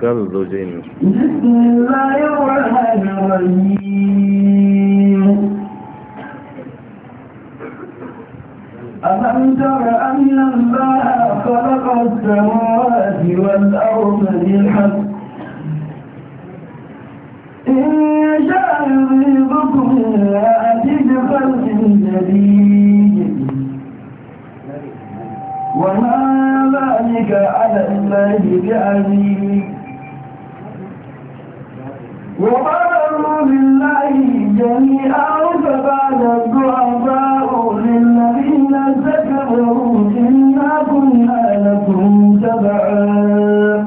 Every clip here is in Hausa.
كالزوجين بسم الله الرحمن الرحيم ألم تر أن الله خلق السماوات والأرض بالحق إن يشاء يذهبكم ويأتي بخلق جديد وما ذلك على الله بعزيز وقالوا لله جميعا فبعد الضعفاء للذين ذكروا إنا كنا لكم تبعا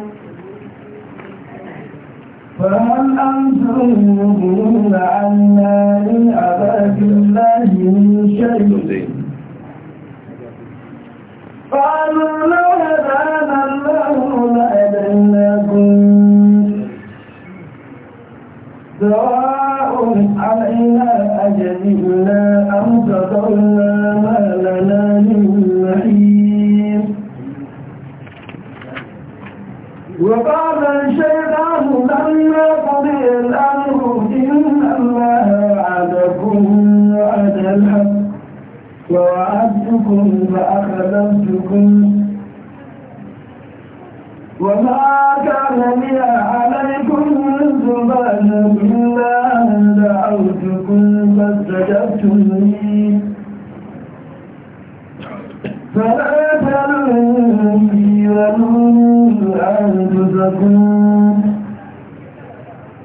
فهل أنتم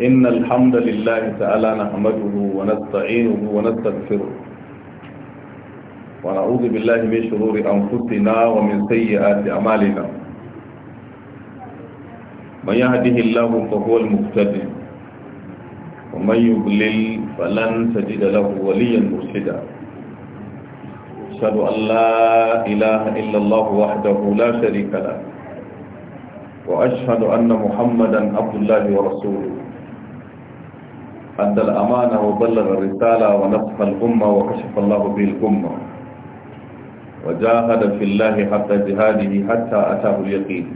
إن الحمد لله تعالى نحمده ونستعينه ونستغفره ونعوذ بالله من شرور أنفسنا ومن سيئات أعمالنا من يهده الله فهو المهتدي ومن يضلل فلن تجد له وليا مرشدا أشهد أن لا إله إلا الله وحده لا شريك له وأشهد أن محمدا عبد الله ورسوله أدى الأمانة وبلغ الرسالة ونصح الأمة وكشف الله به الأمة وجاهد في الله حتى جهاده حتى أتاه اليقين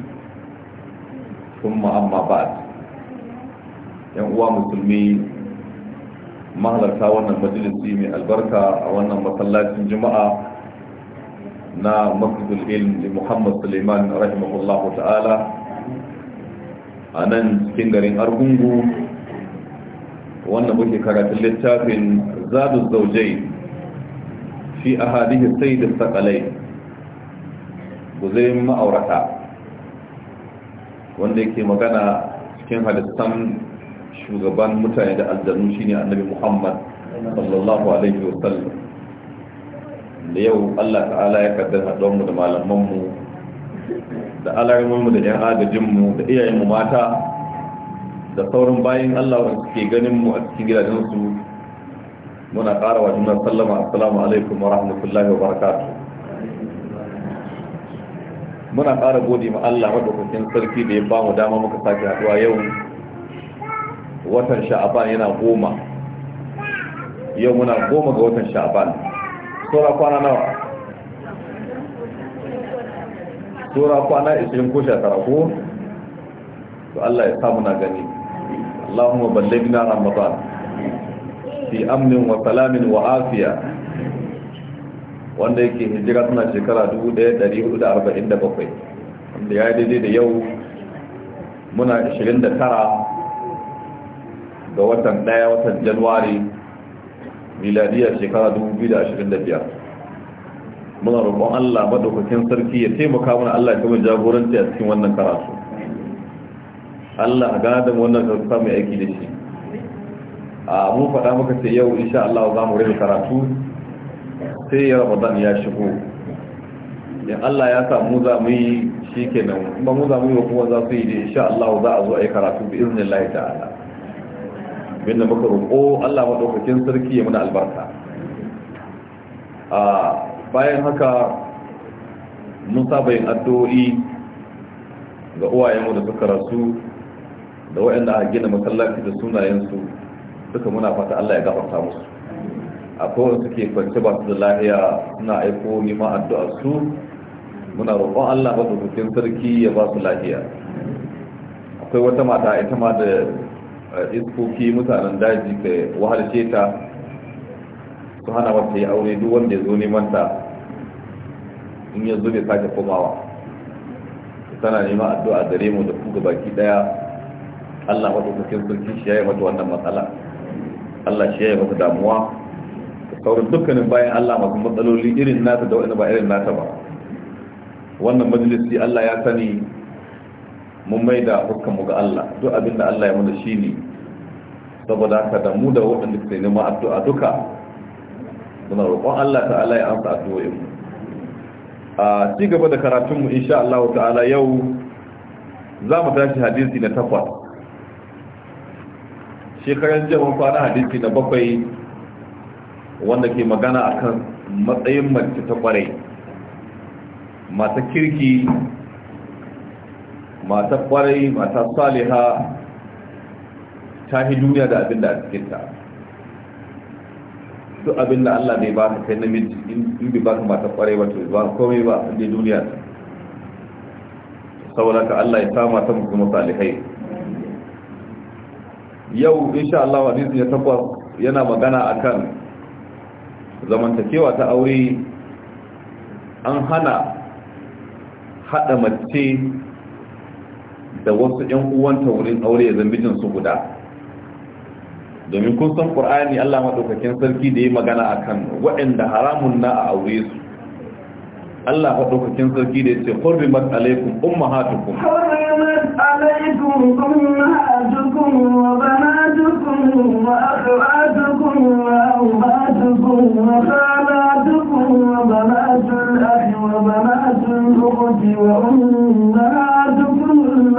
ثم أما بعد yan uwa musulmi mahalarta wannan majalisi mai albarka a wannan masallacin juma'a na masjidul ilm da muhammad suleiman rahimahullahu ta'ala a nan cikin garin argungu wanda muke karatun littafin zadu zaujai fi a hadihin sai da sakalai guzayin ma'aurata wanda yake magana cikin halittan shugaban mutane da aljanu shine annabi muhammad sallallahu alaihi wasallam da yau allah ta'ala ya kaddar haɗonmu da malamanmu da alarmanmu da yan agajinmu da iyayenmu mata da sauran bayan Allah wanda suke ganin mu a cikin gidajensu muna ƙara wa juna sallama assalamu alaikum wa rahmatullahi wa barakatuh muna ƙara gode ma Allah madaukakin sarki da ya ba mu dama muka sake haɗuwa yau watan sha'aban yana goma yau muna goma ga watan sha'aban sura kwana nawa sura kwana 20 ko shekara to Allah ya samu na gani اللهم بلغنا رمضان في امن وسلام وعافيه wanda yake hijira tana shekara 1447 wanda ya yi daidai da yau muna 29 ga watan daya watan januwari miladiyar shekara 2025 muna roƙon allah maɗaukakin sarki ya taimaka mana allah ya kama jagoranci a cikin wannan karatu Allah gadan wannan karfa mai aiki da shi a mu faɗa maka ce yau insha Allah za mu rin karatu sai ya Ramadan ya shigo in Allah ya sa mu za mu yi shi kenan ba mu za mu yi kuma za su yi da insha Allah za a zo a yi karatu bi iznillah ta'ala bin da muka roƙo Allah madaukakin sarki ya muna albarka a bayan haka mun saba yin addu'o'i ga uwayenmu da suka rasu da waɗanda a gina masallaci da sunayensu duka muna fata Allah ya gafarta musu a kowane suke kwance ba su da lahiya suna aiko nima addu'a su muna roƙon Allah ba kusin sarki ya ba su lahiya akwai wata mata ita ma da eh, iskoki mutanen daji ka wahalce ta su hana wata yi aure duk wanda ya zo neman ta in ya zo bai sake komawa tana neman addu'a gare mu da ku baki daya Allah madaukakin sarki shi yayi mata wannan matsala Allah shi yayi mata damuwa sauran dukkanin bayan Allah masu matsaloli irin nata da wani ba irin nata ba wannan majalisi Allah ya sani mun mai da mu ga Allah duk abinda Allah ya mana shi ne saboda haka da mu da waɗanda ke ma addu'a duka muna roƙon Allah ta'ala ya amsa addu'o'in mu a ci gaba da karatun mu insha Allah ta'ala yau za mu tashi hadisi na takwas shekaran jaman kwana hadisi na bakwai wanda ke magana akan matsayin mace ta kwarai mata kirki mata kwarai mata saliha ta yi duniya da abin da a cikinta duk abin da allah bai ba ka kai namiji in bai ba ka mata kwarai wato ba komai ba a duniya saboda ka allah ya sa mata musu salihai yau insha Allah hadisin ya takwas yana magana akan zamantakewa ta aure an hana hada mace da wasu ƴan uwanta wurin aure ya zambijin su guda domin kun san Qur'ani Allah madaukakin sarki da ya magana akan waɗanda haramun na a aure su Allah faɗaukakin sarki da ya ce hurrimat alaikum ummahatukum hurrimat alaikum ummahatukum wa banatukum wa akhawatukum wa ummahatukum wa khalatukum wa banatul wa banatul ukhti wa ummahatukum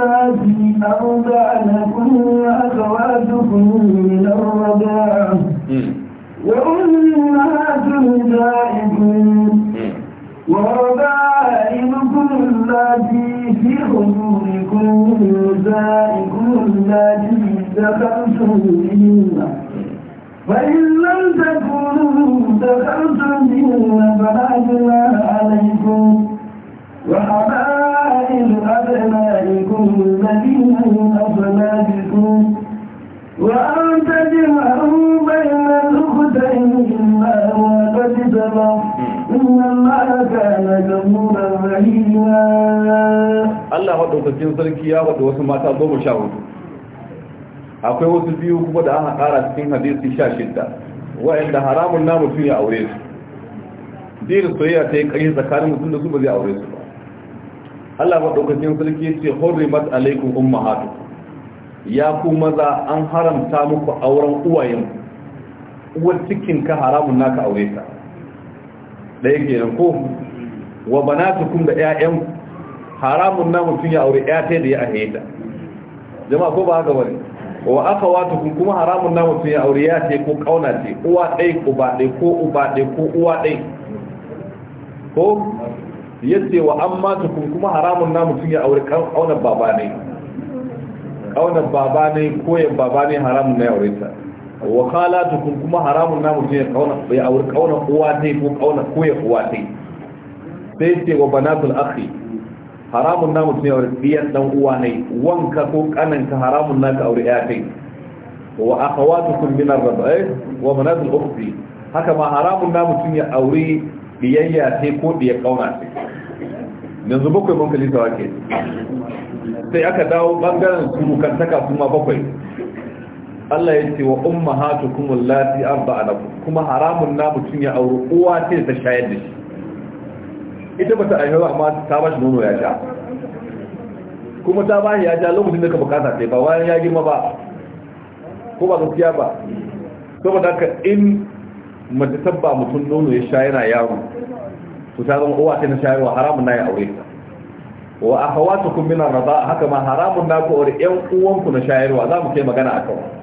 allati وربائبكم التي في حضوركم نسائكم التي دخلتم بهن فإن لم تكونوا دخلتم بهن فلا جناح عليكم وحبائل أبنائكم الذين من أصلابكم وأن تجمعوا بين الأختين إلا وقد تبقوا Allah الله كان جمورا sarki ya wadda wasu mata goma sha hudu akwai wasu biyu kuma da aka kara cikin hadisi sha shidda wa'anda haramun na mutum ya aure su dinin soyayya ta yi ƙarfi tsakanin mutum da su ba zai aure su ba Allah maɗaukacin sarki ya ce hurrimat alaikum ummahatu ya ku maza an haramta muku auren uwayen uwar cikin ka haramun naka aure ta da yake nan ko wa banatukum da ƴaƴan haramun namu tun ya aure ƴa tai da ya ta jama'a ko ba haka bane wa akhawatukum kuma haramun namu tun ya aure ya tai ko kauna ce uwa dai ba dai ko uba dai ko uwa dai ko yace wa amma tukum kuma haramun namu tun ya aure kauna baba ne kauna baba ne ko ya baba ne haramun na ya aure ta wa khalatukum kuma haramun namu ne kauna bai aure kauna kowa dai ko kauna koya kowa dai sai ce wa banatul akhi haramun namu ne aure biyan dan uwa ne wanka ko kananka haramun naka aure ya kai wa akhawatukum min ar-rabai wa banatul ukhti haka ma haramun namu ya aure biyayya sai ko biya kauna yanzu bakwai mun ta wake sai aka dawo bangaren taka kuma bakwai Allah ya ce wa umma ummahatukum allati arba'anakum kuma haramun na mutum ya auri uwa ce ta shayar da shi ita bata aihuwa amma ta ba shi nono ya sha kuma ta ba shi ya sha lokacin da ka bukata sai ba bayan ya girma ba ko ba gaskiya ba saboda ka in mace tabba mutum nono ya sha yana yaro to ta zama uwa ce na shayarwa haramun na ya aure wa akhawatukum min ar-rida'a haka ma haramun na ku aure yan uwanku na shayarwa za mu kai magana akan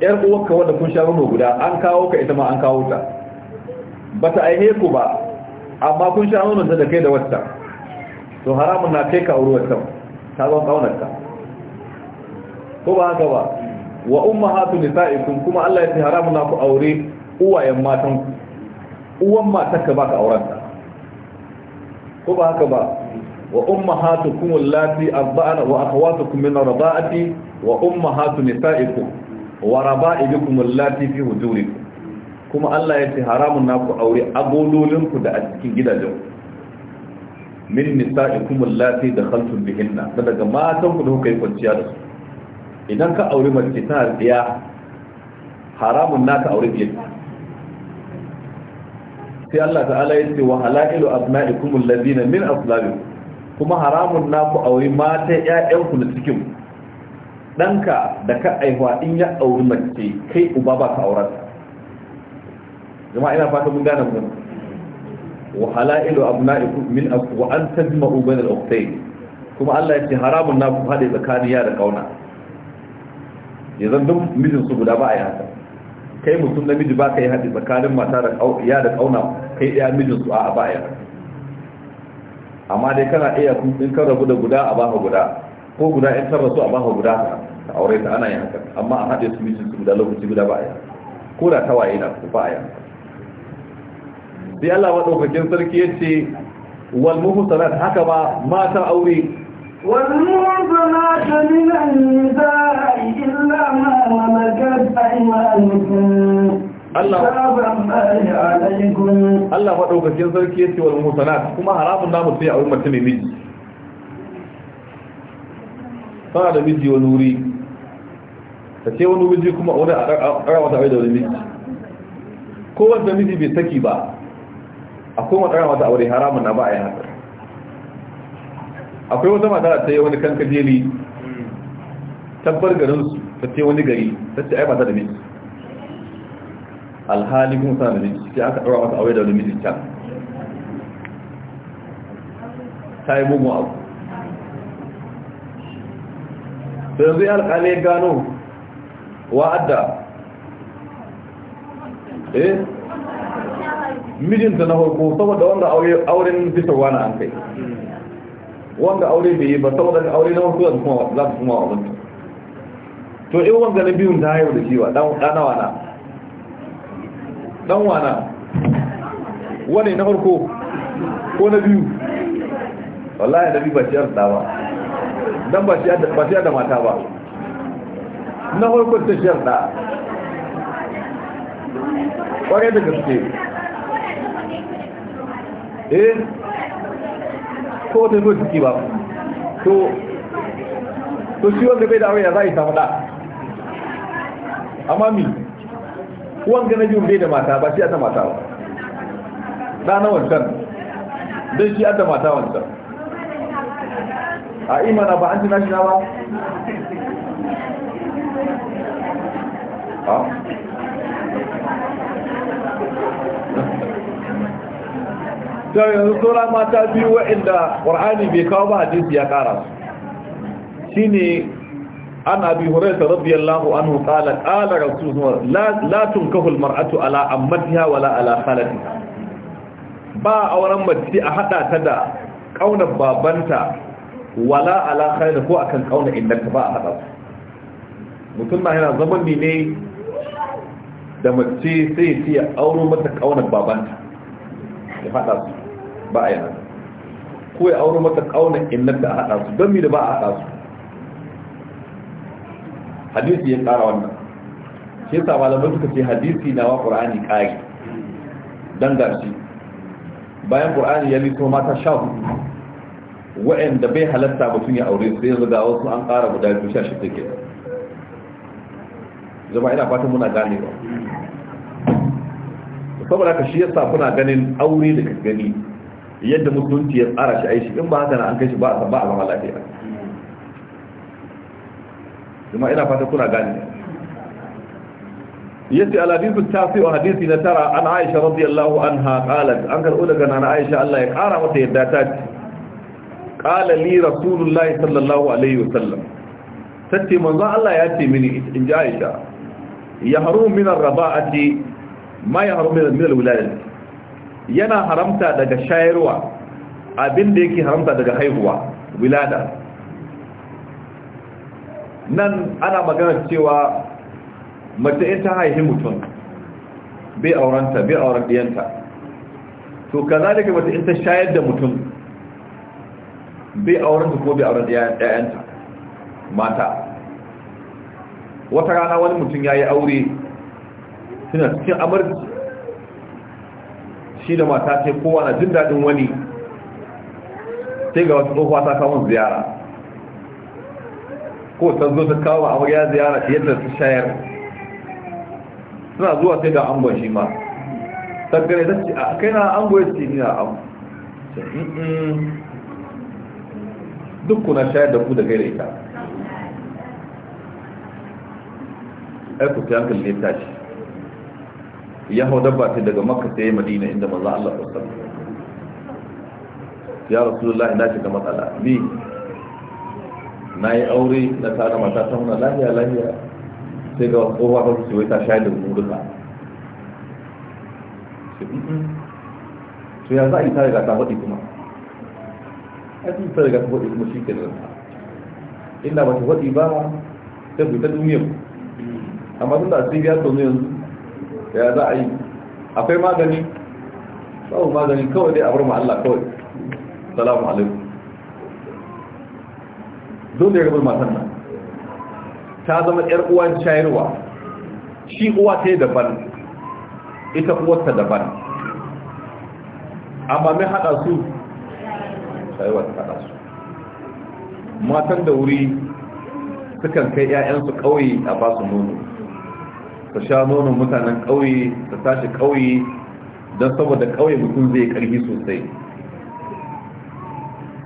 yar uwarka wanda kun sha nono guda an kawo ka ita ma an kawo ta ta aihe ku ba amma kun sha nono da kai da wata to haramun na kai ka auri wata ta zan kaunarka ko ba haka ba wa umma ummahatu sa'ikun kuma Allah ya ce haramun na ku aure uwayen matan ku uwan matarka ba baka aurenta ko ba haka ba wa umma ummahatukum lati arba'ana wa akhawatukum min rabaati wa umma ummahatu sa'ikun wa raba'ibikum allati fi hudurikum kuma Allah ya ce haramun naku aure agololinku da a cikin gidajen min nisa'ikum allati dakhaltum bihinna da daga matan ku da kuka yi kwanciya da su idan ka aure mace ta tsiya haramun naka aure biyar sai Allah ta'ala ya ce wa halailu abna'ikum allazina min aslabikum kuma haramun naku aure mata ƴaƴanku da cikin ku ɗanka da ka aihuwa in ya auri mace kai uba ba ka ta. jama'a ina fata mun gane mu wa halailu abna'ikum min aku wa an tajma'u bain al-ukhtayn kuma Allah ya ce haramun na ku hade tsakanin ya da kauna ya zan duk mijin su guda ba a yi haka kai mutum na miji ba ka yi hade tsakanin mata da ya da kauna kai ɗaya mijin su a ba a yi haka amma dai kana iya kun kan rabu da guda a ka guda ko guda in tarra su a baka guda ka aure ta ana yin haka amma a haɗe su mutum su guda lokaci guda ba a yi ko da tawaye na ba a yi sai Allah maɗaukakin sarki ya ce wal muhsanat haka ba matan aure wal muhsanat min an-nisa'i illa ma malakat aymanukum Allah maɗaukakin sarki ya ce wal muhsanat kuma haramun namu sai a umar ta ne miji tana da miji wani wuri ta ce wani miji kuma wani a ƙarawa aure da wani miji ko wanda miji bai saki ba a akwai ƙarawa ta aure haramun na ba a yi haka akwai wata mata ta yi wani kankajeli tabbar su ta ce wani gari ta ce ai mata da miji alhali kuma sana da miji sai aka ƙarawa ta aure da wani miji can ta yi mugun abu to yanzu ya gano wa'adda eh mijinta na harko saboda wanda auren fitarwa na an kai wanda aure bai yi ba saboda aure na farko zan kuma za su kuma wa to yi wanga na biyun ta haihu da shi wa ɗana wana ɗan wana wane na harko ko na biyu wallahi na biyu ba ciyar da ba don ba shi da mata ba na harkar ta sharɗa ƙwarai da gaske eh ko ta zo ciki ba to to shi wanda bai da aure ya za a yi samu amma mi wanga na biyu bai da mata ba shi da mata ba ɗa na wancan don shi da mata wancan a imana ba an tuna shi na ba ta yanzu saura mata biyu waɗanda ƙwar'ani bai kawo ba hadisi ya ƙara shi ne ana an abi huraita radiyallahu anhu qala qala rasulullah la la tunkahu almar'atu ala ammatiha wala ala khalatiha ba a wurin mace a haɗa ta da ƙaunar babanta wala ala khair ko akan kauna ka ba a hada mutum na yana zaman ne da mace sai ce ya auro mata kaunar babanta ya haɗa su ba a yana ko ya auro mata kaunar illanta a haɗa su don mi da ba a haɗa su hadisi ya tsara wannan shi sa malamai suka ce hadisi na wa qur'ani kai dan gashi bayan qur'ani ya lito mata sha hudu wa'anda bai halatta mutum ya aure sai zuga wasu an ƙara guda biyu sha shi take zama ina fatan muna gane ba saboda ka shi yasa kuna ganin aure da gani yadda musulunci ya tsara shi aishi in ba haka na an kai shi ba a san ba a zama lafiya zama ina fatan kuna gane yace alhadisu tafi wa hadisi na tara an aisha radiyallahu anha qalat an karɓo daga nana aisha Allah ya ƙara mata yadda ta ce qala li rasulullahi sallallahu alaihi wasallam tace manzo Allah ya ce ياتي in ان Aisha yahrum min ar-raba'ati ma yahrum min al yana haramta daga shayarwa abinda yake haramta daga haihuwa wilada nan ana magana cewa mace in ta mutum bai auranta bai auren diyanta to kazalika mace in ta shayar da mutum bai auren ko bai auren ɗayanta mata wata rana wani mutum ya yi aure suna cikin amurci shi da mata ce kowa na jin daɗin wani sai ga wasu tsohuwa ta kawo ziyara ko ta zo ta kawo amarya ziyara yadda su shayar suna zuwa sai ga angon shi ma tabbare ta ce a kai na angon ya ce ni na duk kuna shayar da ku da gaira ita ai ku ta hankali ne tashi ya hau dabba ta daga makka sai madina inda maza Allah sassan ya rasulullah na shiga matsala ni na yi aure na tara mata ta muna lahiya lahiya sai ga kowa ba su wai ta shayar da mu duka su ya za a yi ta riga ta kuma hadin sai daga faɗi kuma shi ke kenan illa ba ta wadi ba ta bi ta duniyar. amma tun da asiri ta tono yanzu ya za a yi akwai magani babu magani kawai dai a bar mu Allah kawai salamu alaikum dole ya rabu matan nan ta zama ƴar uwan shayarwa shi uwa ta yi daban ita uwarta daban amma mai haɗa su ta kada su matan da wuri sukan kai 'ya'yansu ƙauye a ba su nono ta sha nonon mutanen ƙauye ta tashi ƙauye don saboda ƙauye mutum zai ƙarfi sosai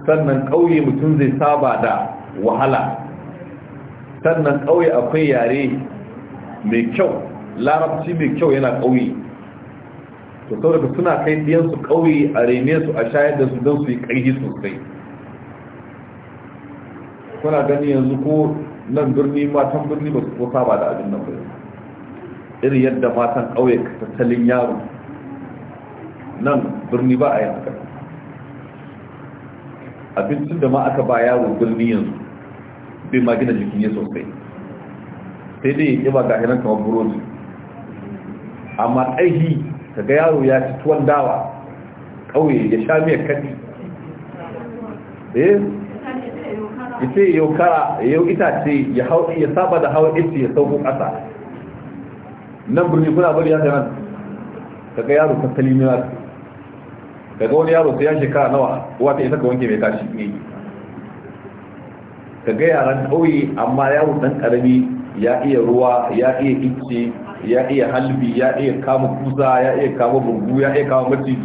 sannan ƙauye mutum zai saba da wahala sannan ƙauye akwai yare mai kyau larabci mai kyau yana ƙauye to saboda suna kai biyan su kauye a rene su a shayar da su don su yi ƙarfi sosai kuna gani yanzu ko nan birni matan birni ba su ko saba da abin nan ba irin yadda matan ƙauye tattalin yaro nan birni ba a yi haka abincin da ma aka ba yaro birni yanzu bai ma gina jiki ne sosai sai dai ya ba ga hiran kamar burodi amma aiki. ka ga yaro ya ci tuwon dawa ƙauye ya sha miyar kaɗi eh ce yau kara yau itace ya saba da hawa ita ya sauko ƙasa nan birni kuna bari ya nan ka ga yaro tattali miyar daga wani yaro sai ya shekara nawa uwa ta isa ka wanke mai kashi ne ka ga yaran ƙauye amma yaro ɗan ƙarami ya iya ruwa ya iya ice ya iya halbi ya iya kama kusa ya iya kama bugu ya iya kama maciji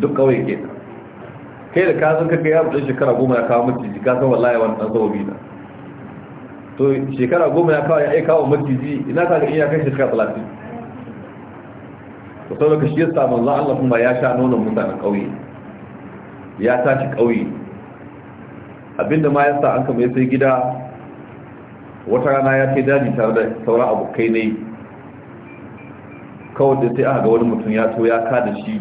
duk kawai ke kai da ka kaka ya buɗe shekara goma ya kama maciji ka san wallahi ɗan dan na to shekara goma ya kawo ya iya kama maciji ina ka ga iya kai shekara ko to saboda shi yasa za' Allah kuma ya sha nonon mutanen kauye ya tashi kauye abinda ma yasa an kama sai gida wata rana ya ce daji tare da sauran abokai ne kawai da sai aka ga wani mutum ya to ya ka da shi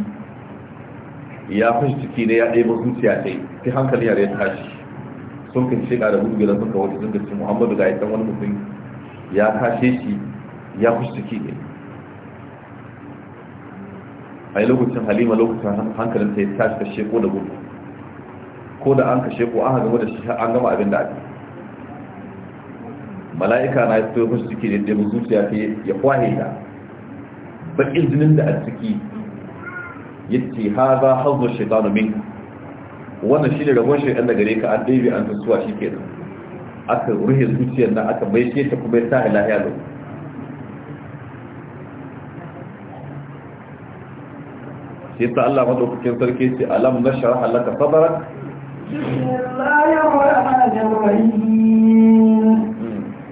ya fashi ciki ne ya ɗaya zuciya ne sai hankali yare ya tashi sun kan shiga da gudu gidan suka wata zunga ce muhammadu ga ita wani mutum ya kashe shi ya fashi ciki ne a yi lokacin halima lokacin hankalin ta ya tashi ka sheko da gudu ko da an ka sheko an gama da shi an gama abin da ake mala'ika na ya fito mashi ciki da mu zuciya ta ya kwahe ta bakin jinin da a ciki ya ce ha za hazo shaitanu min wannan shi ne rabon shaitan da gare ka an ɗaibe an tasuwa shi ke nan aka ruhe zuciyar nan aka mai ce ta kuma ya sa lahiya lau shi ta Allah madaukakin sarki ce alam na shara halaka sabarak Bismillahir Rahmanir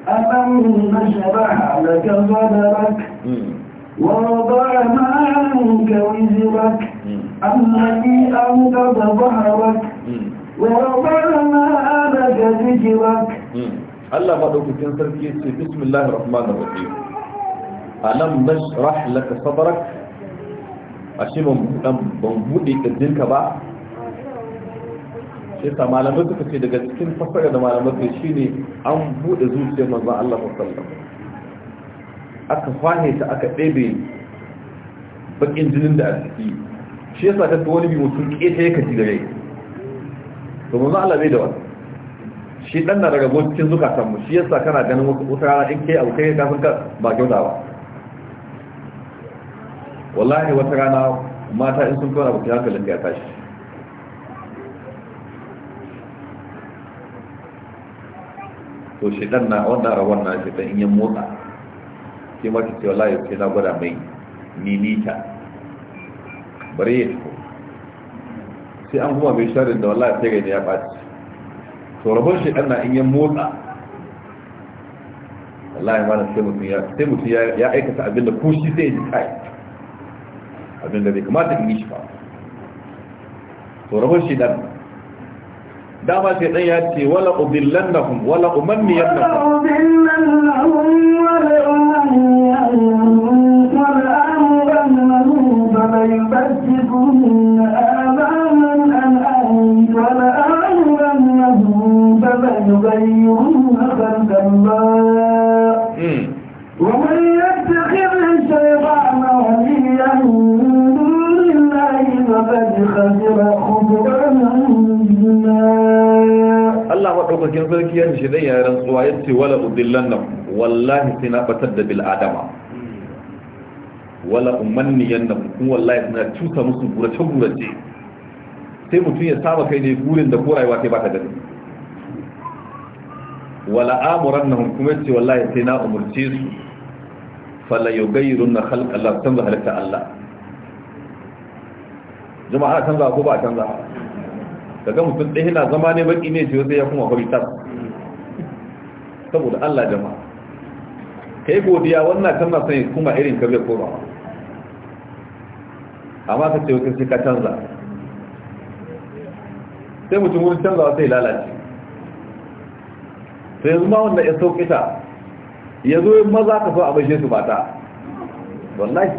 أمن شرح لك صدرك ووضع عنك وزرك الذي أنقض ظهرك ورفعنا لك ذكرك Allah maɗaukakin sarki ce bismillahir rahmanir rahim alam nashrah laka sadrak ashe ban buɗe ban buɗe ba sai malamai suka ce daga cikin fasara da malamai shi ne an buɗe zuciyar manzon Allah sallallahu aka fahe ta aka ɗebe bakin jinin da a ciki shi yasa ta wani bi mutum keta ya kaji gare to manzon Allah bai da wani shi dan na daga cikin zukatan mu shi yasa kana ganin wata rana in kai abu kai kafin ka ba kyauta ba wallahi wata rana mata in sun kawo abu kai hankalin ka ya tashi to shi dan na wanda rabon na shi dan in ya motsa sai ma ki ce wallahi sai na gwada mai minita Bari ya tuko sai an kuma mai sharin da wallahi sai gani ya ɓaci to rabon shi dan na in ya motsa wallahi ma sai ya sai mutum ya aikata abinda ko shi zai ji kai abinda bai kamata in yi shi ba to rabon shi dan dama sai dan ya ce wala ubillannahum wala umanniyannahum wala ubillannahum wala umanniyannahum tashi shi dan ya rantsuwa ya yace wala udillan nan wallahi sai na batar da bil'adama. adama wala ummanniyan nan kuma wallahi na cuta musu gurace gurace sai mutum ya saba kai ne gurin da ko rayuwa sai ba ta gani wala amurannahum kuma yace wallahi sai na umurce su fala na khalqa Allah tanzu halitta Allah jama'a tanza ko ba Ka ga mutum ɗaya na zama ne baki ne sai ya kuma kwamitar. saboda Allah jama'a kai godiya wannan tana son kuma irin ka zai koma amma ka ce wata sai ka canza sai mutum wurin canzawa sai lalace sai yanzu ma wanda ya sauƙita ya zo yin maza ka so a bashe su mata wallahi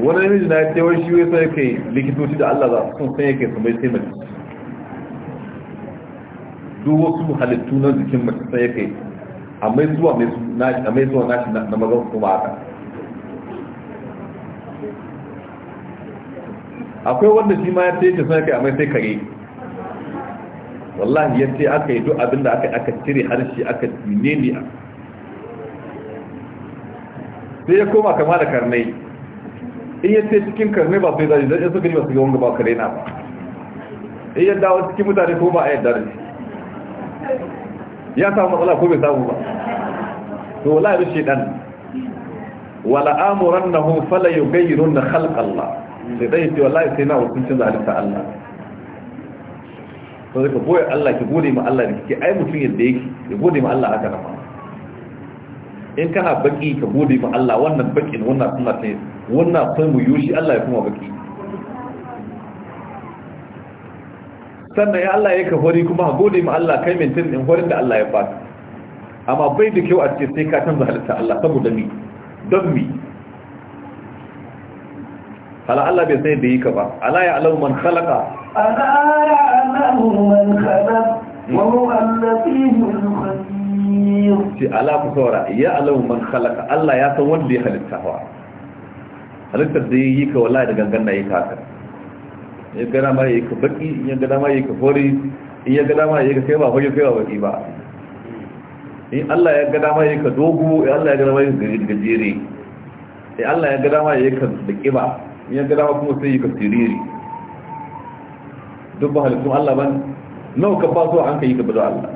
wani namiji na ya ce wani shi wai sai kai likitoci da Allah za su sun san yake su bai sai duk wasu halittu na jikin mace sai ya kai a mai zuwa nashi na mazan kuma haka akwai wanda shi ma ya ce ta sai kai a mai sai kare wallahi ya ce aka yi duk abin da aka cire harshe aka ne ne sai ya koma kama da karnai in ya ce cikin karnai ba sai zai don ya suka yi masu yawon gaba kare na ba in ya dawo cikin mutane ko ba a yadda da shi ya samu matsala ko bai samu ba to wala bi shedan wala amurannahu fala yughayyirunna Allah, sai dai ce wallahi sai na hukuncin zalunta Allah to ka boye Allah ki gode ma Allah ki, kike ai mutum yadda yake ya gode ma Allah haka nan in kana baki ka gode ma Allah wannan bakin wannan sunna ce wannan sai mu yushi Allah ya kuma baki sannan ya Allah ya ka hori kuma a gode ma Allah kai mintin din horin da Allah ya baka amma bai da kyau a ce sai ka canza halitta Allah saboda mi don mi hala Allah bai sai da yi ka ba ala ya alamu man khalaqa ala ya alamu man khalaqa wa huwa al-latiful khabir ci ala ku saura ya alamu man khalaqa Allah ya san wanda ya halitta hawa halittar da yi ka wallahi da gangan na yi ka haka ya ga dama ya yi ka baki in ya ga dama ya yi ka fori in ya ga dama ya yi ka kai ba fage kai ba baki ba in Allah ya ga dama ya yi ka dogo in Allah ya ga dama ya yi ka jere. in Allah ya ga dama ya yi ka da kiba in ya ga dama kuma sai yi ka siriri duk ba halittun Allah ban nawa ka ba an ka yi ka bada Allah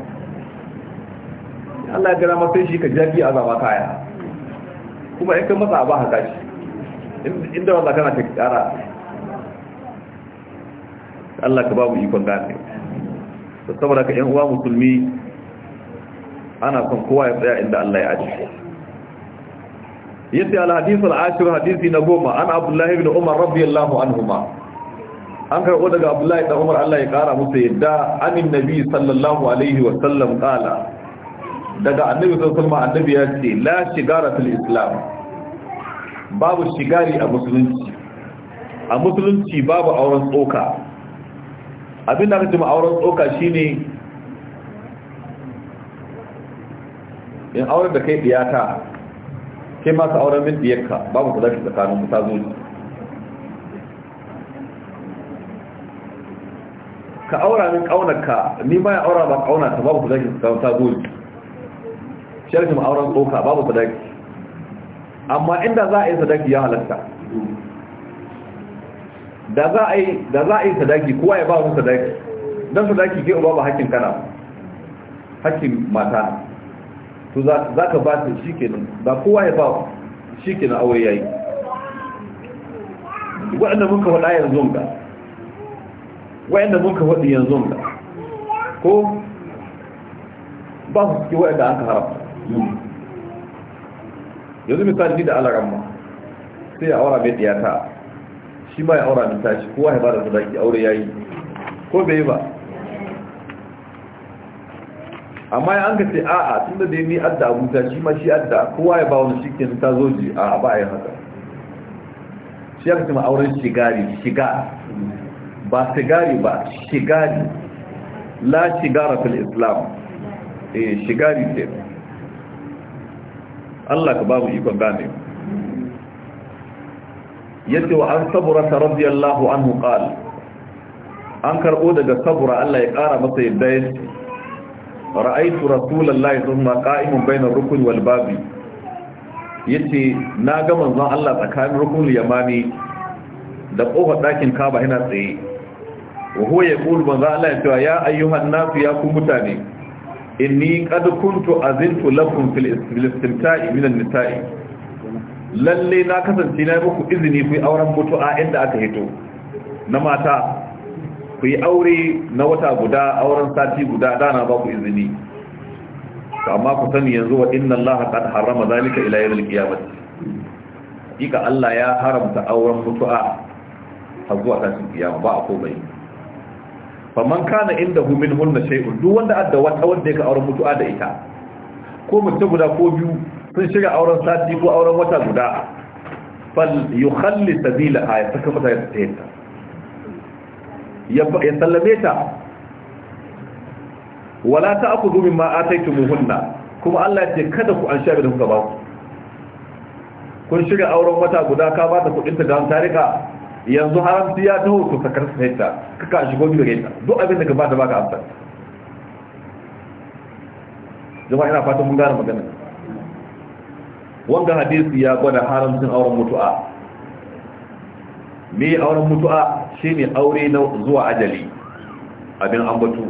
Allah ya ga dama sai shi ka jafi a zama kaya kuma in ka masa a ba haka shi inda wanda kana ta kara Allah ka ba mu ikon gane da saboda ka yan uwa musulmi ana son kowa ya tsaya inda Allah ya ajiye yace al-hadith al-ashir hadisi na goma an Abdullah ibn Umar radiyallahu anhuma an karbo daga Abdullah ibn Umar Allah ya kara musu yadda anin nabi sallallahu alaihi wa sallam qala daga annabi sallallahu annabi ya ce la shigara fil islam babu shigari a musulunci a musulunci babu auren tsoka abin da kace auren tsoka ne, in auren da kai diyata ke ma auren min diyarka babu ku zafi tsakanin ku ta zo ka aura min ƙaunarka ni ma ya aura ba kaunarka babu ku zafi tsakanin ta zo shirkin auren tsoka babu sadaki amma inda za a yi sadaki ya halatta da za a yi da za a yi sadaki kowa ya ba mu sadaki dan sadaki ke uba ba hakkin kana hakkin mata to za ka ba shi shikenan da kowa ya ba shikenan aure yayi waɗanda muka faɗa yanzu ga waɗanda muka faɗi yanzu ga ko ba su cikin waɗanda an ka haramta yanzu misali da alaramma sai a wara mai ɗiyata. shi ma ya aura da tashi kowa ya bada sadaki aure ya yi. ko bai ba amma ya an ka a a'a tun da dai ni adda abuta shi ma shi adda kowa ya ba wani shi ke ta zo ji a ba a yi haka shi ya ma auren shigari shiga ba shigari ba shigari la shigara fil islam eh shigari ce Allah ka ba mu ikon gane yace wa an sabura radiyallahu anhu qala an karbo daga sabura Allah ya kara masa yadda yace ra'aytu rasulullahi thumma qa'imun bainar rukun wal babi yace na ga manzon Allah tsakanin rukun yamani da kofar dakin Kaaba yana tsaye wa huwa yaqul manzon Allah ya ce ya ayyuhan ya ku mutane inni qad kuntu azintu lakum fil istimta'i minan nisa'i lalle na kasance na muku izini ku yi auren mutu'a inda aka hito na mata ku yi aure na wata guda auren sati guda dana ba ku izini amma ku sani yanzu wa inna Allah qad harrama zalika ila al qiyamah ika Allah ya haramta auren mutu'a har zuwa tashin kiyama ba a komai faman kana inda hu min hunna shay'un duk wanda adda wata wanda yake auren mutu'a da ita ko mutum guda ko biyu sun shiga auren sati ko auren wata guda fal yukhalli A ya saka mata ta tayyata ya sallame ta wala ta aku domin ta'khudhu mimma ataytumuhunna kuma Allah ce kada ku an shabe da kuka ba ku kun shiga auren wata guda ka ba ta kudin ta dan tarika yanzu haramci ya taho to sakar sai ta kaka a shigo gidan gaita duk abin da ka ba ta ka amsa jama'a ina fatan mun gane magana wanda hadisi ya gwada haramcin auren mutu'a me auren mutu'a shine aure na zuwa ajali abin ambatu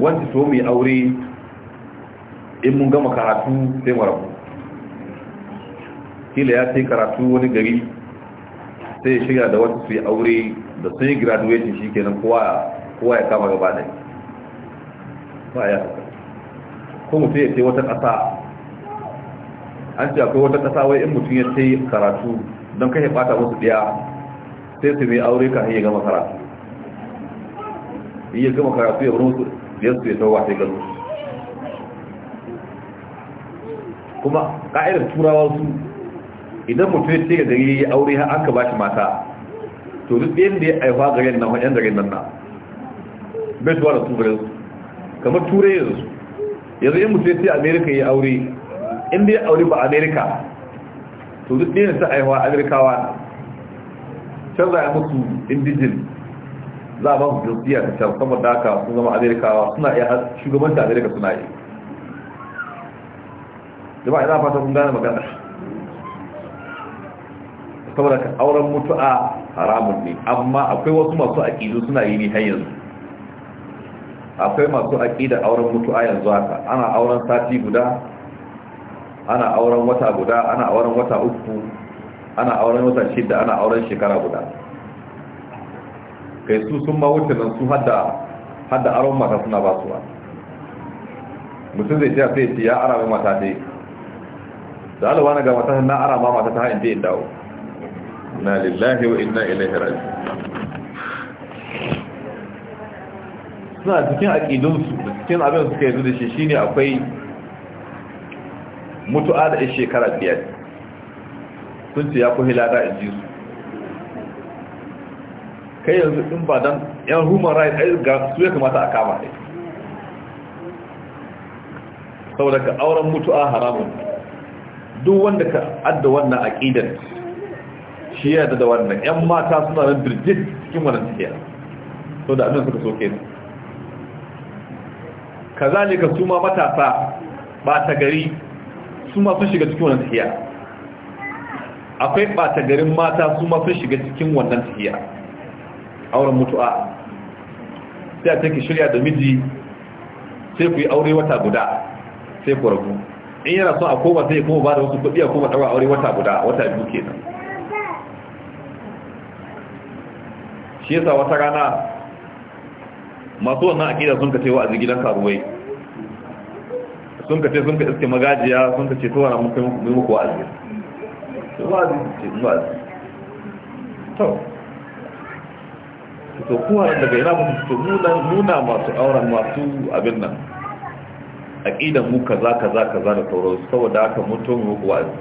wanda so mai aure in mun gama karatu sai mu rabu kila ya ce karatu wani gari sai ya shiga da wata su yi aure da sun yi graduation shi kenan kowa ya kama gaba da ba ya ko mutum ya ce wata ƙasa an ce akwai wata kasa wai in mutum ya ce karatu don kai bata musu ɗaya sai su mai aure ka ya gama karatu iya gama karatu ya bar musu ɗiyar su ya tawa sai gano kuma ƙa'idar turawa su idan mutum ya ce ga gari ya aure an ka ba shi mata to duk ɗayan da ya aifa garin nan wajen garin nan na bai zuwa da su su kamar turai yanzu yanzu in mutum ya ce amerika ya aure inda ya aure ba amerika to duk ɗaya ta aihuwa amerikawa can za a musu indijin za a ba su jinsiya ta can sama da haka sun zama amerikawa suna iya shugabanta amerika suna yi jama'a ina fata kun gane magana saboda ka auren mutu'a haramun ne amma akwai wasu masu aƙidu suna yi ne har yanzu akwai masu aƙida auren mutu'a yanzu haka ana auren sati guda ana auren wata guda ana auren wata uku ana auren wata shida ana auren shekara guda kai su sun ma wuce nan su hada hada aron mata suna ba su ba mutum zai tiya sai ya ara mai mata dai da alawa na ga mata na ara ma mata ta hain je in dawo na lillahi wa inna ilaihi raji suna cikin aqidunsu cikin abin suka yi da shi shine akwai mutu'a da ya shekara biyar sun ce ya kuhi lada in ji su kai yanzu in ba don yan human rights ai ga su ya kamata a kama ne saboda ka auren mutu'a haramun duk wanda ka adda wannan aƙidar shi ya da wannan yan mata suna da birgit cikin wannan tafiya sau da abin suka soke su ka su ma matasa ba ta gari su ma sun shiga cikin wannan tahiya akwai ɓata garin mata su ma sun shiga cikin wannan tahiya auren mutu'a sai a take shirya da miji sai ku yi aure wata guda sai ku rabu in yana son a koma sai kuma ba da wasu kuɗi a koma ɗaura aure wata guda wata biyu kenan shi yasa wata rana masu wannan akida sun ka ce wa a gidan karuwai sun ka ce sun ka iske magajiya sun ka ce tuwa na muka yi muku wa'azi wa'azi ce wa'azi to to kuwa daga yana mutu to nuna masu auren masu abin nan A za mu kaza kaza kaza da sauransu saboda aka mutum muku wa'azi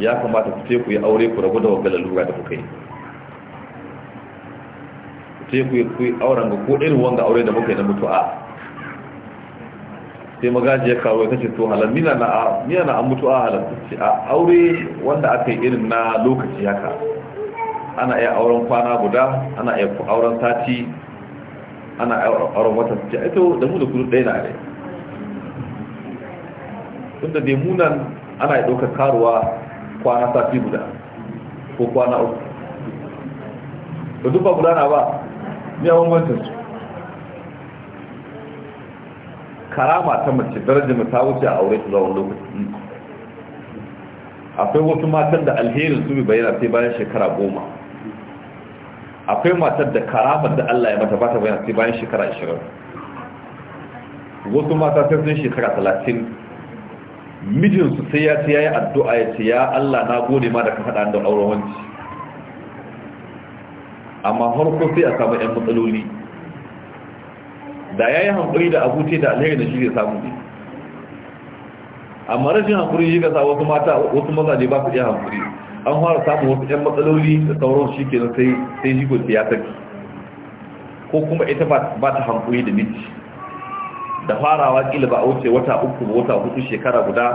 ya kamata ku ce ku yi aure ku rabu da wagga lura da kuka yi ce ku yi auren ga ko irin wanga aure da muka yi na a. sai magaji ya kawo ya kashe to halar mina na an mutu a halar ce a aure wanda aka yi irin na lokaci haka ana iya auren kwana guda ana iya auren sati ana iya auren watan ce ito da mu da kudu ɗaya na ne tunda dai munan ana iya ɗaukar karuwa kwana sati guda ko kwana uku da duk ba gudana ba ni a wangantar su karama ta mace darajar ta wuce a aure ta zaune lokaci akwai wasu matan da alherin su bayyana sai bayan shekara goma akwai matar da karamar da Allah ya mata bata bayyana sai bayan shekara ashirin wasu mata sai sun shekara talatin mijinsu sai ya ce ya yi addu'a ya ce ya Allah na gode ma da ka haɗa da auren wanci amma harko sai a samu ‘yan matsaloli da ya yi hankuri da abu ce da alheri da shi zai samu ne amma rashin hankuri shi ka sa wasu mata wasu mazaje ba su iya hankuri an fara samun wasu 'yan matsaloli da sauran shi ke sai sai jigo ya saki ko kuma ita ba ta hankuri da miji da farawa kila ba a wuce wata uku ba wata hudu shekara guda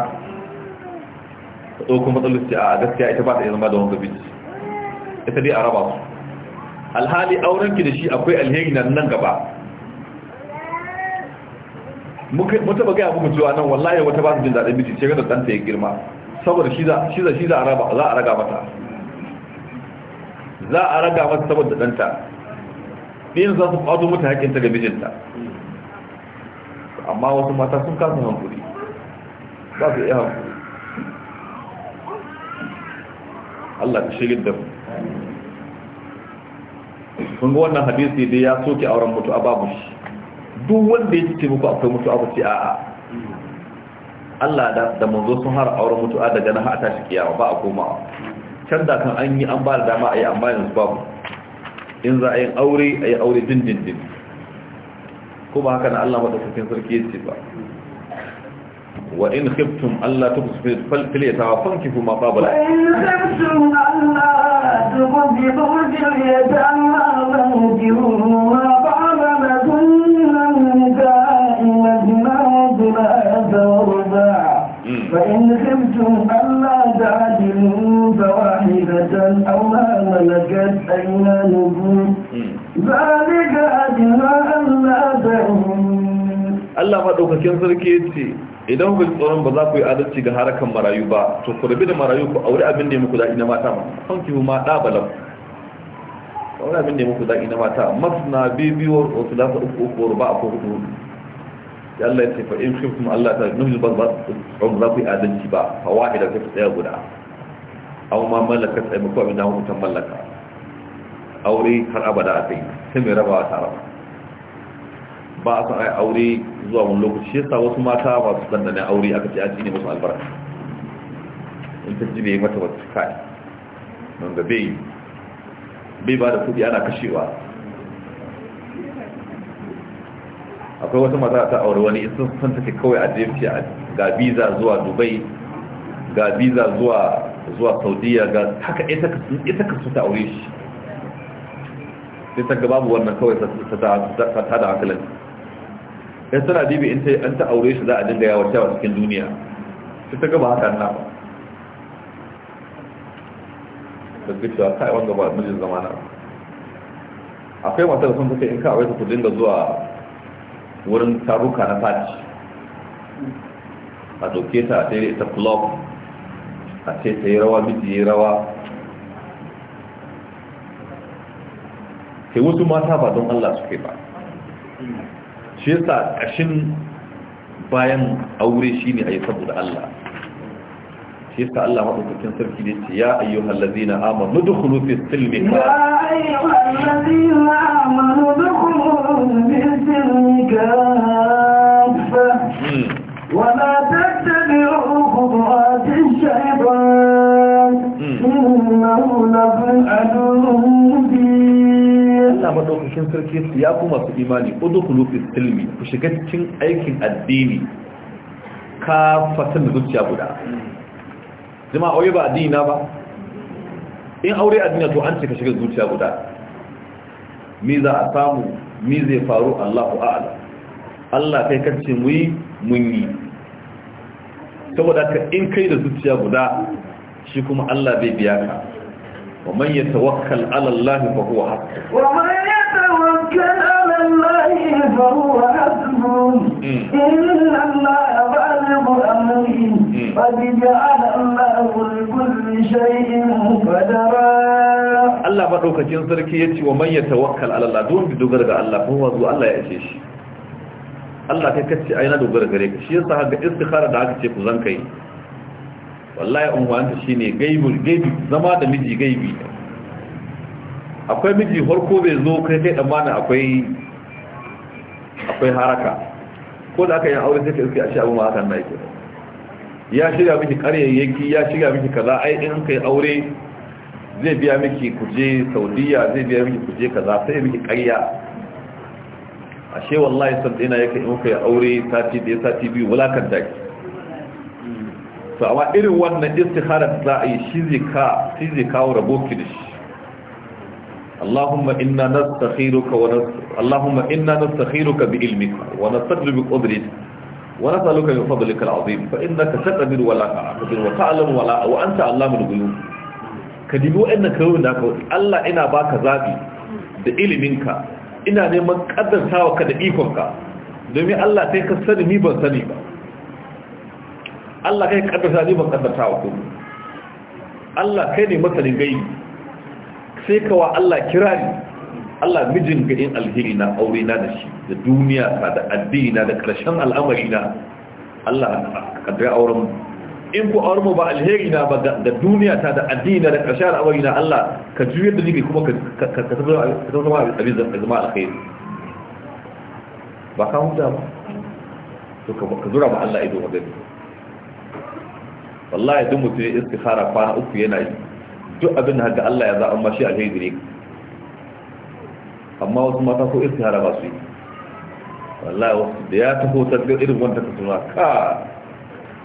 ta ɗaukun matsaloli a gaskiya ita ba ta iya zama da wanda miji ita dai a raba su alhali aurenki da shi akwai alheri nan gaba mu ba gaya muku cewa nan wallahi wata ba su jin daɗin miji shekarar da ɗanta ya girma saboda shi za shi za a raba za a raga mata za a raga mata saboda ɗanta ɗin za su ƙwato mata ta ga mijinta amma wasu mata sun kasa hankuri ba su iya hankuri Allah ta shirin da mu kun ga wannan hadisi dai ya soke auren mutu a babu shi duk wanda ya ci taimako akwai mutuwa ba ce a'a Allah da da manzo sun har auren mutuwa daga nan a tashi kiyama ba a komawa can da kan an yi an ba da dama a yi amma yanzu babu in za a yi aure a yi aure dindindin kuma haka na Allah madaukakin sarki ya ce ba wa in khiftum alla tubsitu fal filyatawa fankihu ma qabla in khiftum alla tubsitu fal filyatawa fankihu ma عملا أو ما ملكت أيمانهم ذلك أدنى ألا تعمل الله ما sarki كان idan ku tsoron ba za ku yi adalci ga harakan marayu ba to ku rabi da marayu ku aure abin da muku daɗi na mata ma kan ki ma da balam aure abin da muku daɗi na mata masna bibiyo su lasa uku uku ba a ko hudu da Allah ya ce fa in kuntum Allah ta nuzu ba za ku yi adalci ba fa wahida ku tsaya guda au ma sai taimako abin da mutum mallaka aure har abada a kai sai mai rabawa ta raba ba a san ai aure zuwa wani lokaci yasa wasu mata ba su ne aure aka ce a cikin musu albarka in ta ji bai mata wata kai don ga bai bai ba da kudi ana kashewa akwai wata mata ta aure wani in sun san take kawai a jefiya ga biza zuwa dubai ga biza zuwa zuwa saudiya ga haka ita ka ta aure shi sai ta babu wannan kawai ta tada hankalin ya tana dibi in ta an ta aure shi za a dinga yawon cewa cikin duniya sai ta gaba haka na ba da cewa ta yi yawan ba mijin zamana akwai da sun take in ka aure ku dinga zuwa wurin taruka na fati a doke ta a ta club a ce ta yi rawa miji yi rawa Sai wasu mata ba don Allah suke ba shi yasa ƙashin bayan aure shi ne a yi saboda Allah shi yasa Allah maɗaukakin sarki ne ce ya ayyuhal lazina amanu dukhulu fi silmi ya fi silmi Ya ta ɗaukakin sarki su ya kuma su imani, ko ku lokacin ilmi, ku shiga cikin aikin addini ka fatan da zuciya guda. Jima aure ba addini na ba? In aure addini to an ce ka shiga zuciya guda. Mi za a samu, mi zai faru Allahu A'ala. Allah kai kan ce mun yi Saboda ka in kai da zuciya guda, shi kuma Allah bai biya ka. ومن يتوكل على الله فهو حسبه ومن يتوكل على الله فهو حسبه إن الله بالغ أمره قد جعل الله لكل شيء قدرا Allah madaukakin sarki yace wa man wakal Allah don bi dogara ga Allah kuma wazo Allah ya ce shi Allah kai kace ai na dogara gare ka shi yasa haka istikhara da aka ce ku zan kai wallahi unwanta shine gaibul gaibi zama da miji gaibi akwai miji harko bai zo kai kai amana akwai akwai haraka ko da aka yi aure sai ka iske a shi abu ma hakan na yake ya shirya miki karyayyaki ya shirya miki kaza ai in kai aure zai biya miki kuje saudiya zai biya miki kuje kaza sai miki karya ashe wallahi san dina yake in kai aure sati da sati biyu kan daki to amma irin wannan istikharar za a yi shi zai kawo rabo ki da shi Allahumma inna nastakhiruka wa Allahumma inna nastakhiruka bi ilmika wa nastaghfiru bi qudratika wa nas'aluka min fadlika al'azim fa innaka taqdir wa la ta'qdir wa ta'lam wa la wa anta allamul ghuyub ka dibi wa'annan kawai da ka Allah ina baka zabi da iliminka ina neman kaddartawa ka da ikonka domin Allah sai ka sani ni ban sani ba Allah kai kaddarta ne ba kaddarta wa kuma Allah kai ne masanin gai sai kawa Allah kirari Allah mijin ga alheri na aure na da shi da duniya ta da addini na da karshen al'amari na Allah kaddara auren mu, in ku auren mu ba alheri na ba da duniya ta da addini na da karshen al'amari na Allah ka juyar da ni kuma ka ka ka zama abin zama alheri ba ka huta ba to ka zura ba Allah ido wa gani wallahi duk mutum ya istikhara kwana uku yana yi duk abin da haka Allah ya za'a amma shi alheri ne amma wasu mata ko istikhara ba su yi wallahi wasu da ya taho ta ga irin wanda ka tuna ka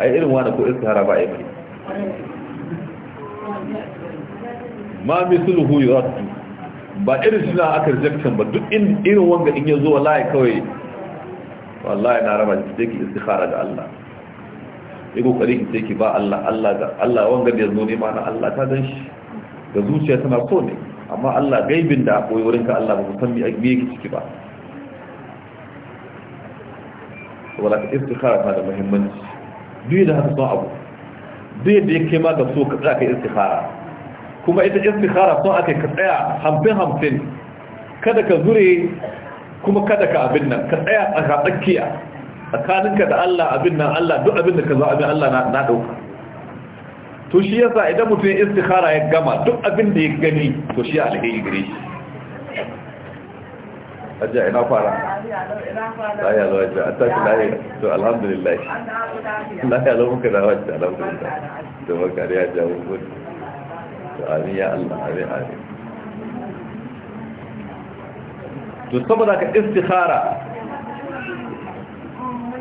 yi irin wani ko istikhara ba a yi bane ma misluhu yuraddu ba irin suna na aka rejection ba duk irin wanga in ya zo wallahi kawai wallahi na raba shi take istikhara ga Allah ya kare ki sai ki ba Allah Allah ga. Allah wanga da yazo ne ma na Allah ta gan shi da zuciya tana so ne amma Allah gaibin da akwai wurin ka Allah ba ku san me yake ciki ba wala ka istikhara ta da muhimmanci duk da haka son abu duk da yake ma ka so ka tsaya ka istikhara kuma ita istikhara son aka ka tsaya hamfin hamfin kada ka zure kuma kada ka abin nan ka tsaya a tsakiya tsakaninka da Allah abin nan Allah duk abin da ka zo zaɓi Allah na dauka to shi yasa idan mutum ya istikhara ya gama duk abin da ya gani to shi alheri gare shi aje ina fara laye alo ajiya ta ta laye to alhamdulillah Allah ya alo muka da wata alhamdulillah to da makari ya jawo gudu to amin ya Allah amin amin to saboda ka istikhara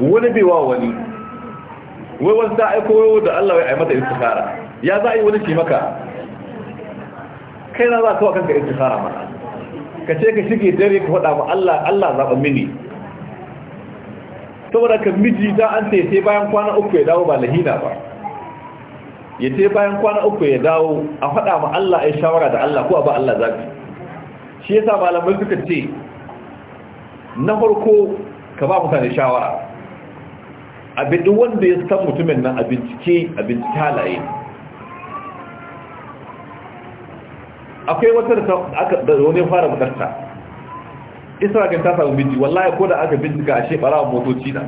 wani bai wa wani wai wasu ta aiko wayo da Allah ya yi mata istikhara ya za a yi wani ce maka kai na za ka kawo kanka istikhara ma ka ce ka shige dare ka faɗa ma Allah Allah zaɓa mini saboda ka miji da an ce sai bayan kwana uku ya dawo ba lahina ba ya ce bayan kwana uku ya dawo a faɗa ma Allah ya shawara da Allah ko a ba Allah zaɓi shi yasa malamai suka ce na farko ka ba mutane shawara abin duk wanda ya san mutumin nan a bincike a bincike akwai wata da wani fara budarta isra'il ta samu binci wallahi ko da aka bincika a she a motoci na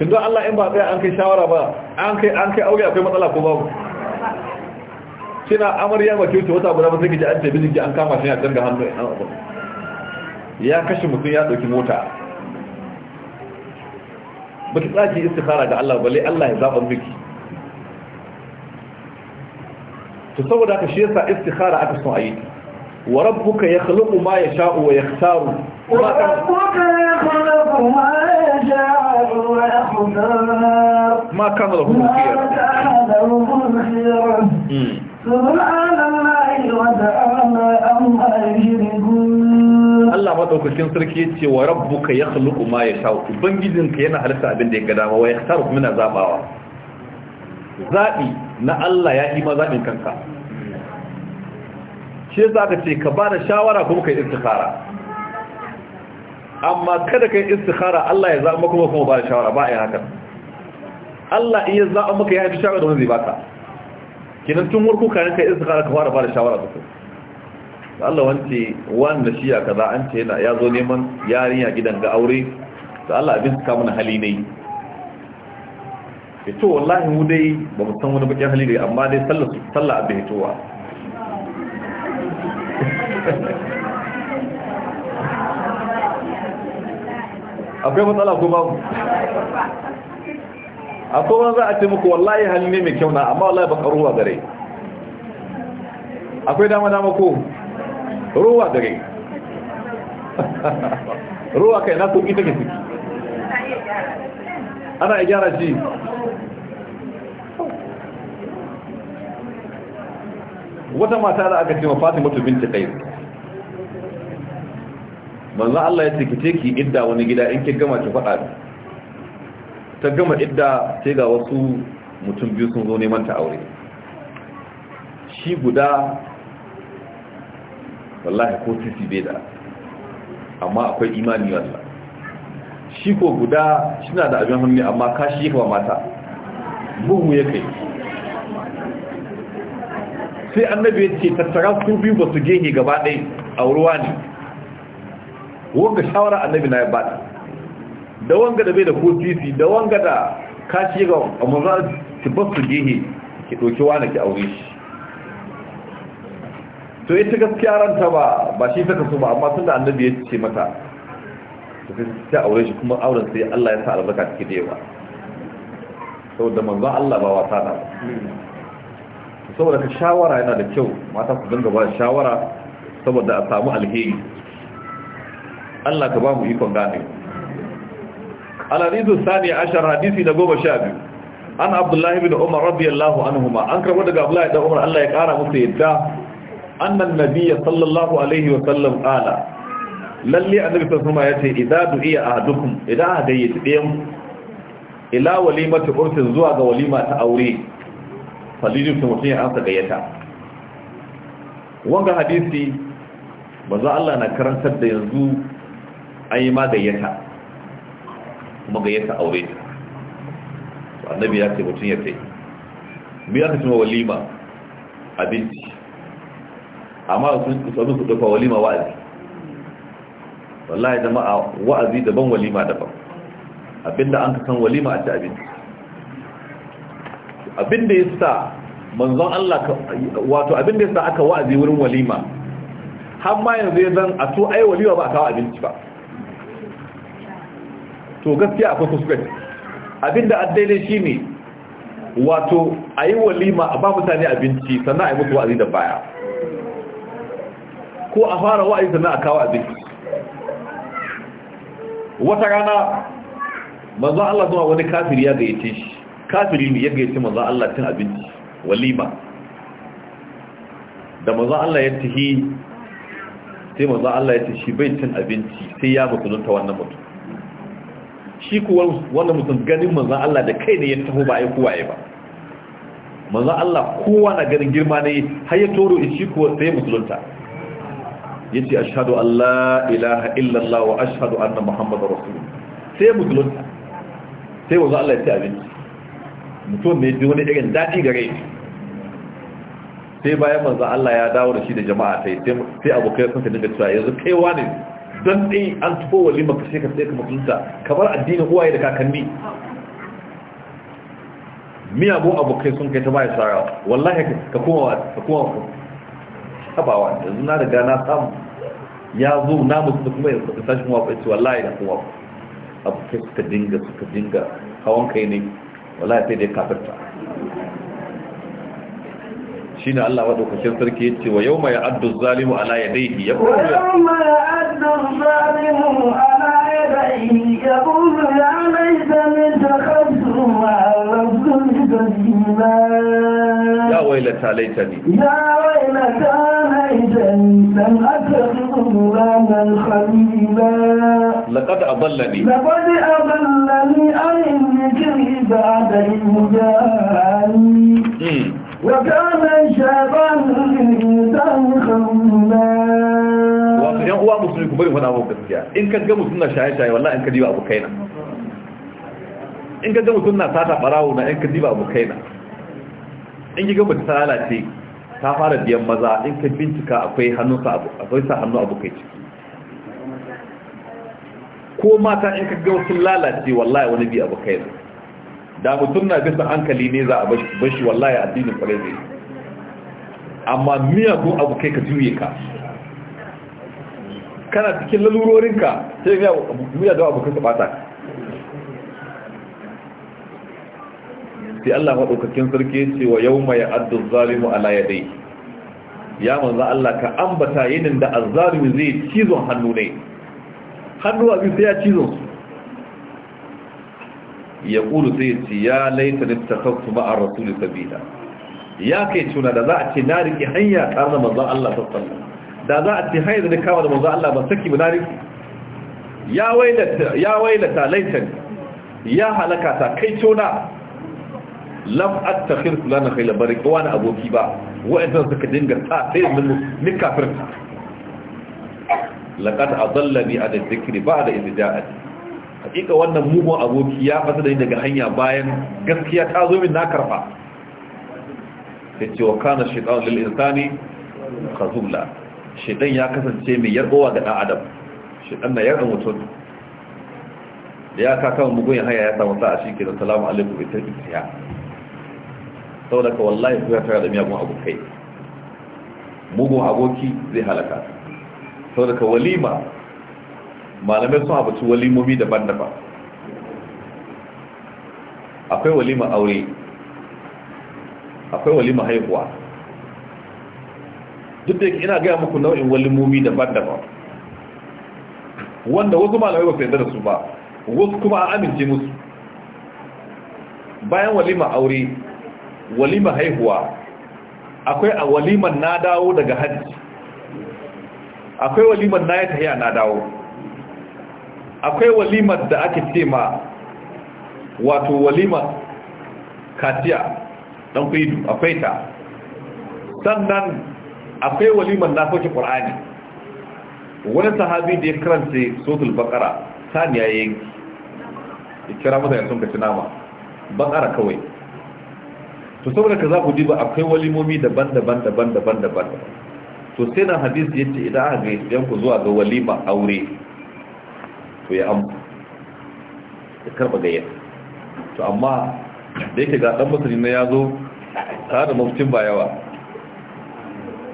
Shin don allah in ba tsaye an kai shawara ba an kai an kai aure akwai matsala ko babu shi amarya ba kyauta wata guda ba sai ka ji an ce bincike an kama shi a canza hannu ya kashe mutum ya dauki mota baki tsaki istikhara ga Allah balle Allah ya zaba miki to saboda haka shi yasa istikhara aka son ayi wa rabbuka yakhluqu ma yasha'u wa yakhtaru wa rabbuka yakhluqu ma yasha'u wa yakhtaru ma kana lahu khiyar hmm. subhanallahi wa ta'ala amma yushrikun Allah madaukakin sarki ya ce wa rabbuka yakhluqu ma yasha ubangijinka yana halitta abin da ya ga dama wa yaktaru min zabawa zabi na Allah ya yi ma zabin kanka shi yasa ka ce ka bada da shawara kuma kai istikhara amma kada kai istikhara Allah ya zaba kuma kuma ba da shawara ba ai haka Allah in ya zaba maka ya yi shawara da wanda zai baka kinan tun warku kan kai istikhara ka fara ba da shawara da da Allah wance wanda shi ya kaza an ce yana ya zo neman yarinya gidan ga aure da Allah abin suka mana hali ne ya to wallahi mu dai ba mu san wani bakin hali dai amma dai sallah abin ya towa akwai matsala ko babu akwai wani za a ce muku wallahi hali ne mai kyau na amma wallahi ba karuwa gare akwai dama dama ko ruwa da rai ruwa kai na sauki take suki ana ya gyara shi wata mata da aka ce ma fatima to binta kai manzo Allah ya tikite ki idda wani gida in ki gama ki faɗa ta gama idda sai ga wasu mutum biyu sun zo neman ta aure shi guda wallahi ko titi bai da amma akwai imani wallah shi ko guda suna da abin hannu amma kashi yake kama mata buhu ya kai sai annabi ya ce tattara su biyu ba su gehe gaba ɗai a ruwa ne wanga shawara annabi na ya bata da wanga da bai da ko titi da wanga da kashi yake ba manzan ki ba su gehe ki ɗauki wane ki aure shi to ita gaskiya ranta ba ba shi ta kaso ba amma tun da annabi ya ce mata to sai ta aure shi kuma auren sai Allah ya sa albarka cikin da yawa saboda manzo Allah ba wasa na saboda ka shawara yana da kyau mata su dinga ba shawara saboda a samu alheri Allah ka ba mu ikon gane al-hadithu Sani ashar hadisi na goma sha biyu an abdullahi bin umar radiyallahu anhuma an karɓar daga abdullahi da umar Allah ya ƙara musu yadda annan nabiyya sallallahu alaihi wa sallam qala lalle annabi sallallahu alaihi wa sallam yace idza du'iya ahadukum idan ahadai ya tsiyan ila walimati urtin zuwa ga walima ta aure falijin su mutum ya ansa gayyata wanga hadisi manzo Allah na karantar da yanzu ayi ma gayyata kuma gayyata aure annabi ya ce mutum ya tsaye me walima abinci amma sun kusurin su dafa walima wa'azi wallahi jama'a wa'azi daban walima daban abinda an kasan walima a ci abinci abinda ya sa manzon Allah wato abinda ya sa aka wa'azi wurin walima har ma yanzu ya zan a to ai walima ba a kawo abinci ba to gaskiya akwai suspect abinda addaidai shi ne wato a yi walima a ba mutane abinci sannan a yi mutu wa'azi da baya ko a fara wa'ayi sannan a kawo abinci wata rana manzan Allah zuwa wani kafiri ya gayyace shi kafiri ne ya gayyace manzan Allah cin abinci walima da manzan Allah ya tahi sai manzan Allah ya ce shi bai cin abinci sai ya mutunta wannan mutum shi kuwa wannan mutum ganin manzan Allah da kai ne ya taho ba ai kuwaye ba manzan Allah kowa na ganin girma ne har ya toro shi kuwa sai mutunta yace ashhadu an la ilaha illallah wa ashhadu anna muhammadar rasulullah sai mutum sai wanzu Allah ya ci abinci mutum ne ji wani irin daɗi gare shi sai bayan manzo Allah ya dawo da shi da jama'a sai sai abokai sun dinga cewa yanzu kai wani dan dai an tafi walima ka sai ka sai ka mutunta ka bar addinin uwaye da kakanni miya abu abokai sun kai ta baya sara wallahi ka koma ka koma ka bawa yanzu na riga na samu ya zo na musu kuma ya faɗi sashi kuma ya ce wallahi na kuma abu sai suka dinga suka dinga hawan kai ne wallahi sai dai kafirta shine Allah madaukakin sarki yace wa yawma ya'addu zalimu ala yadayhi yaqulu yawma ya'addu zalimu ala yadayhi yaqulu ya laysa min takhassu ma rabbul ya waylata laytani ya waylata فديتا أتخذ غلاما خليلا لقد أضلني لقد أضلني عن yan uwa musulmi ku bari faɗa muku gaskiya in ka ga mutum na shaye-shaye wallahi in ka diba abu in ka ga sata in ka diba in ki ta ta fara biyan maza in ka bincika akwai akwai sa hannu abu kai ciki ko mata in ka ga wasu lalace wallahi wani bi abu kai da mutum na bisa hankali ne za a bashi wallahi addinin kwarai zai amma miyagun abu kai ka juye ka kana cikin lalurorinka sai miyagun abu kai ka bata sai Allah maɗaukakin sarki ya ce wa yau mai addun zalimu ala ya dai ya manza Allah ka ambata yinin da azzalimi zai cizon hannu ne hannu a biyu sai ya cizon su ya ƙulu sai ya ce ya laita ne ta kawo kuma a rasulun sabida ya kai tuna da za a ce na riƙe hanya tare da manzan Allah sassallah da za a ce hanyar da kama da manzan Allah ba saki ba na riƙe ya wailata laita ya halaka ta kai tuna lam attakhir fulana khayla bari ko wani aboki ba wa'annan suka dinga ta sai mun ni kafirta laqad adallani an dhikri ba'da idh ja'at hakika wannan mugun aboki ya fasa da ni daga hanya bayan gaskiya ta zo min na karfa yace wa kana shaytan lil insani khazula shaytan ya kasance mai yarbowa ga dan adam shaytan na yarda mutum da ya kaka mugun haya ya samu sa'a shi ke da salamu alaikum ita ita saboda wallahi ku ya tara da miyagun abokai mugun aboki zai halaka saboda ka walima malamai sun abuci walimomi daban-daban akwai walima aure akwai walima haihuwa duk da ina gaya muku nau'in walimomi daban-daban wanda wasu malamai ba su yarda da su ba wasu kuma a amince musu bayan walima aure walima haihuwa akwai a waliman na dawo daga hajji akwai waliman na ya tahiya na dawo akwai walimar da ake ce ma wato walimar katiya dan kuidu akwai ta sannan akwai walimar na soke ƙwar'ani wani sahabi da ya karanta sotul bakara saniya yanki ya kira mutane sun kaci nama bakara kawai to saboda ka za ku diba akwai walimomi daban-daban daban-daban daban to sai na hadis ya ce idan aka gaisu yan ku zuwa ga walima aure to ya amsa ya karba gayyar to amma da yake ga dan musulmi na ya zo tare da mafcin yawa,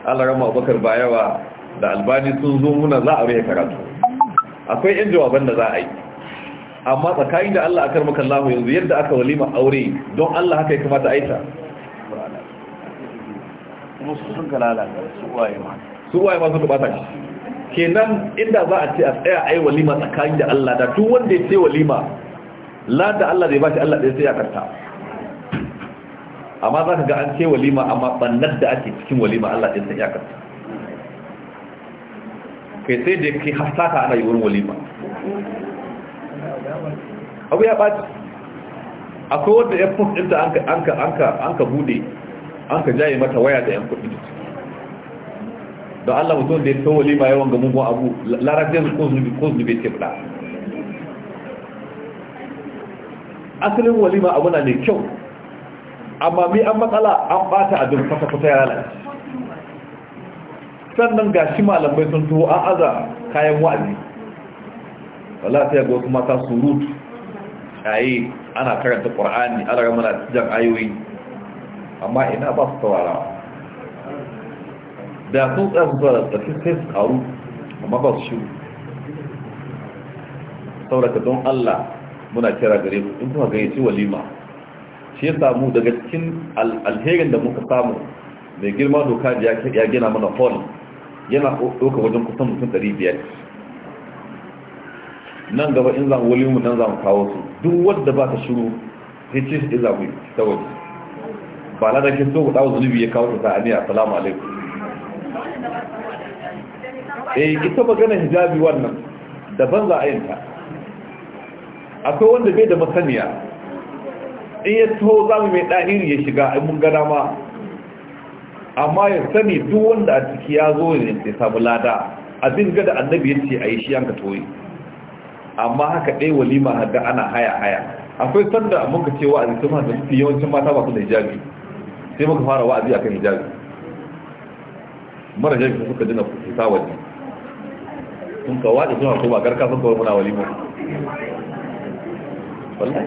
Allah rama abubakar yawa, da albani sun zo muna za a rai karatu akwai yan jawaban da za a yi amma tsakanin da Allah a karmakan lahu yanzu yadda aka walima aure don Allah haka ya kamata aita kuma su sun su waye ma su waye ma suka bata shi kenan inda za a ce a tsaya ai walima tsakanin da Allah da duk wanda ya ce walima la da Allah zai bashi Allah ɗaya sai ya karta amma za ka ga an ce walima amma bannar da ake cikin walima Allah ɗaya sai ya karta kai sai da ke hasaka ana yi wurin walima abu ya ɓaci akwai wanda ya fus ɗinta an ka bude an ka jaye mata waya da yan kuɗi don Allah mutum da ya kawo lima yawan ga mugun abu larabin ko zube ce fada asalin walima abu na mai kyau amma mi an matsala an bata a kwata-kwata ya lalace sannan ga shi malamai sun tuwo an aza kayan wa'azi wala sai ga wasu mata surutu yayi ana karanta ƙwar'ani ana ramana jan ayoyi amma ina ba su saurara da sun tsaya su da tafi sai su karu amma ba su shiru sauraka don Allah muna kira gare ku in kuma ci walima shi ya samu daga cikin alherin da muka samu mai girma doka ya gina mana hall yana ɗauka wajen kusan mutum ɗari nan gaba in zan wali mu nan zan kawo su duk wanda ba ta shiru sai ce shi za ta ba na dake so da zunubi ya kawo ta a salamu alaikum eh ita magana hijabi wannan daban za a yin ta akwai wanda bai da masaniya in ya taho za mu mai ɗahiri ya shiga in mun gana ma amma ya sani duk wanda a ciki ya zo ne ya samu lada abin gada annabi ya ce a yi shi yanka toyi amma haka ɗaya walima haga ana haya haya akwai sanda muka cewa a jikin hada su yawancin mata ba su da hijabi sai muka fara wa'azi akan hijabi mara jabi suka jina fita waje sun kawo da suna kuma garka sun kawo muna walima wallahi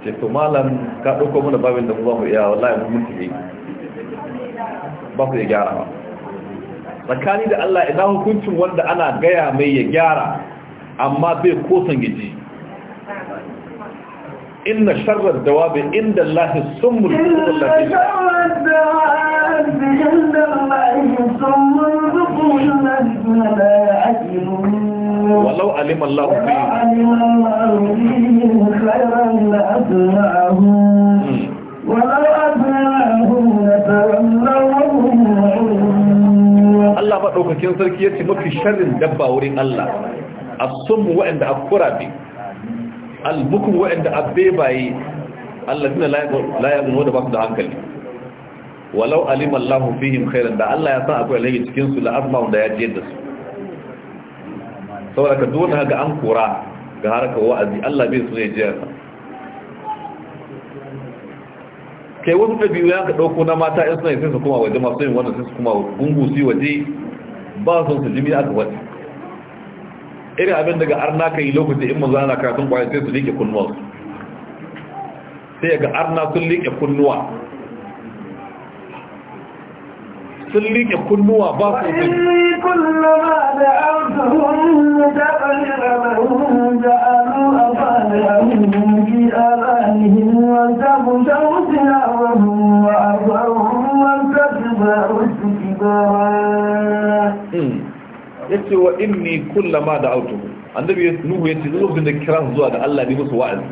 ce to malam ka ɗauko mana babin da mu za mu iya wallahi mun tafi ba ku ya gyara ba tsakani da Allah ina hukuncin wanda ana gaya mai ya gyara amma bai ko san gaji inna sharar dawabi inda lahi sun walau alim Allah fi Allah sarki ya ce mafi sharrin dabba wurin Allah a sun mu waɗanda a biyu. Albukun al-bukum Allah abbebaye alladina la yaqulu da su da hankali walau alim Allah fihim khairan da Allah ya san akwai alheri cikin su la da ya je da su saboda ka dole ga an kora ga harkar wa'azi Allah bai so ya je ka kai wasu biyu ya ka dauko na mata yan suna sai su kuma waje masu yin wannan sai su kuma gungu su waje ba su su jimi aka wata irin abin daga arna ka yi lokaci in maza na karatun kwaya sai su liƙe kunnuwa sai ga arna sun liƙe kunnuwa sun liƙe kunnuwa ba su yi kullama da a su Ya ce wa inni kullama da'awtu annabi nuhu ya yace lokacin da kira zuwa da Allah ne musu wa'azi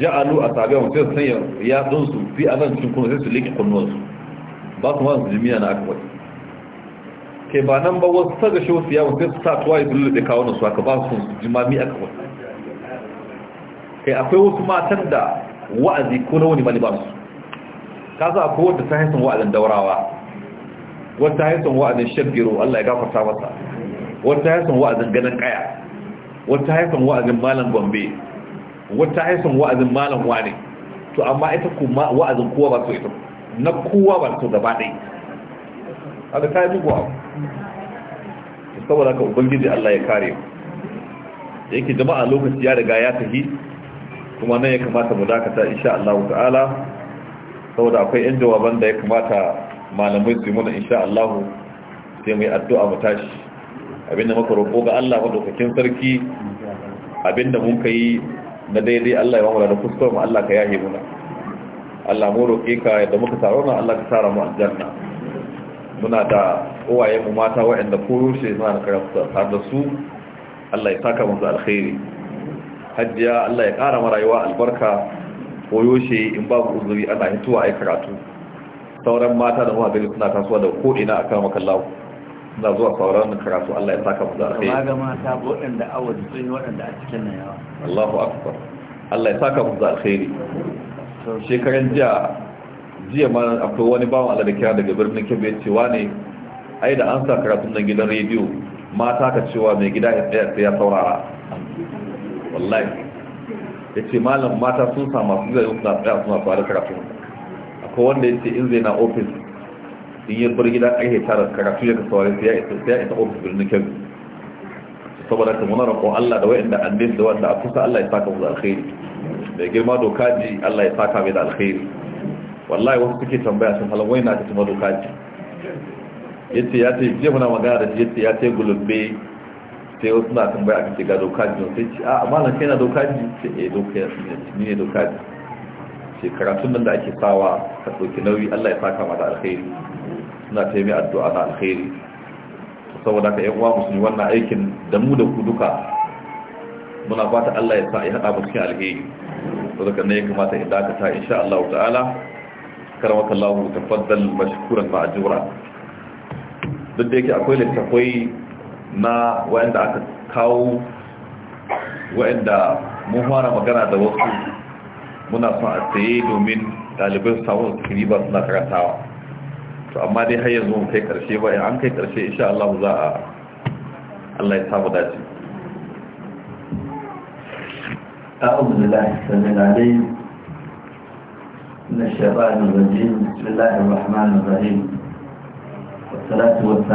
ja'alu wa sai sanya ya ya dunsu fi azan cikin kuma sai su liki kunnuwansu. ba su wani jimiya na aka wani ke ba nan ba wasu saga shi wasu yawon sai su sa tuwa ya bulu da kawo su aka ba su jimami aka wani kai akwai wasu matan da wa'azi ko na wani mali ba su ka za a kowar da ta wa'azin daurawa wata ya san wa'azin shaggiro Allah ya gafarta masa wata ya san wa'azin ganin kaya wata ya san wa'azin malam gombe wata ya san wa'azin malam wane to amma ita kuma wa'azin kowa ba su ita na kowa ba so gaba ɗai a ta kayan muguwa saboda ka ubangiji Allah ya kare da yake jama'a lokaci ya riga ya tafi kuma nan ya kamata mu dakata insha Allah ta'ala saboda akwai yan jawaban da ya kamata malamai su yi muna insha Allah sai mai addu'a mu tashi abinda muka roƙo ga Allah madaukakin sarki abinda mun kai na daidai Allah ya mamula da fuskar mu Allah ka yahe muna Allah mu roƙe ka yadda muka taro na Allah ka tara mu aljanna muna da uwaye mu mata waɗanda ko rushe suna da karanta har da su Allah ya saka musu alkhairi hajjiya Allah ya ƙara mara rayuwa albarka koyo shi in babu uzuri ana hituwa ai karatu sauran mata da kuma gani suna tasowa da ko ina a kama kallawo suna zuwa sauran karatu Allah ya saka mu da amma ga mata waɗanda awa sun waɗanda a cikin nan yawa Allahu akbar Allah ya saka mu da alheri shekaran jiya jiya ma akwai wani bawan Allah da kira daga birnin Kebbi ce ne ai da an sa karatun nan gidan rediyo mata ka cewa mai gida ya tsaya ya saurara wallahi ya ce malam mata sun sa masu zai suna tsaya suna fara karatun ko wanda ya ce in zai na ofis in yi bar gida ƙarfe tara karatu ya kasuwa sai ya isa ofis birnin kebbi saboda ka muna roƙon allah da wa'anda an da wanda a kusa allah ya saka musu alkhairi da girma doka ji allah ya saka mai da alkhairi wallahi wasu suke tambaya sun halawai na ta tuma doka ji yace ya ce je muna magana da shi yace ya ce gulubbe sai wasu na tambaya a ce ga doka ji sai ce a amma na kai na doka ji sai eh doka ji ne doka ji ce karatun nan da ake sawa ka ɗauki nauyi Allah ya saka mata alkhairi suna ta addu'a na alkhairi saboda ka yan uwa musulmi wannan aikin da mu da ku duka muna fata Allah ya sa ya haɗa mu cikin alheri saboda kan ne kamata in dakata insha Allah ta'ala karamaka Allah tafaddal mashkuran ma'jura duk da yake akwai littafai na wayanda aka kawo wayanda mun fara magana da wasu muna son a tsaye domin ɗalibai samun su riba suna karatawa to amma dai har yanzu mun kai ƙarshe ba an kai ƙarshe insha Allah za a Allah ya samu dace أعوذ بالله السميع العليم من الشيطان الرجيم بسم الله الرحمن الرحيم والصلاة والسلام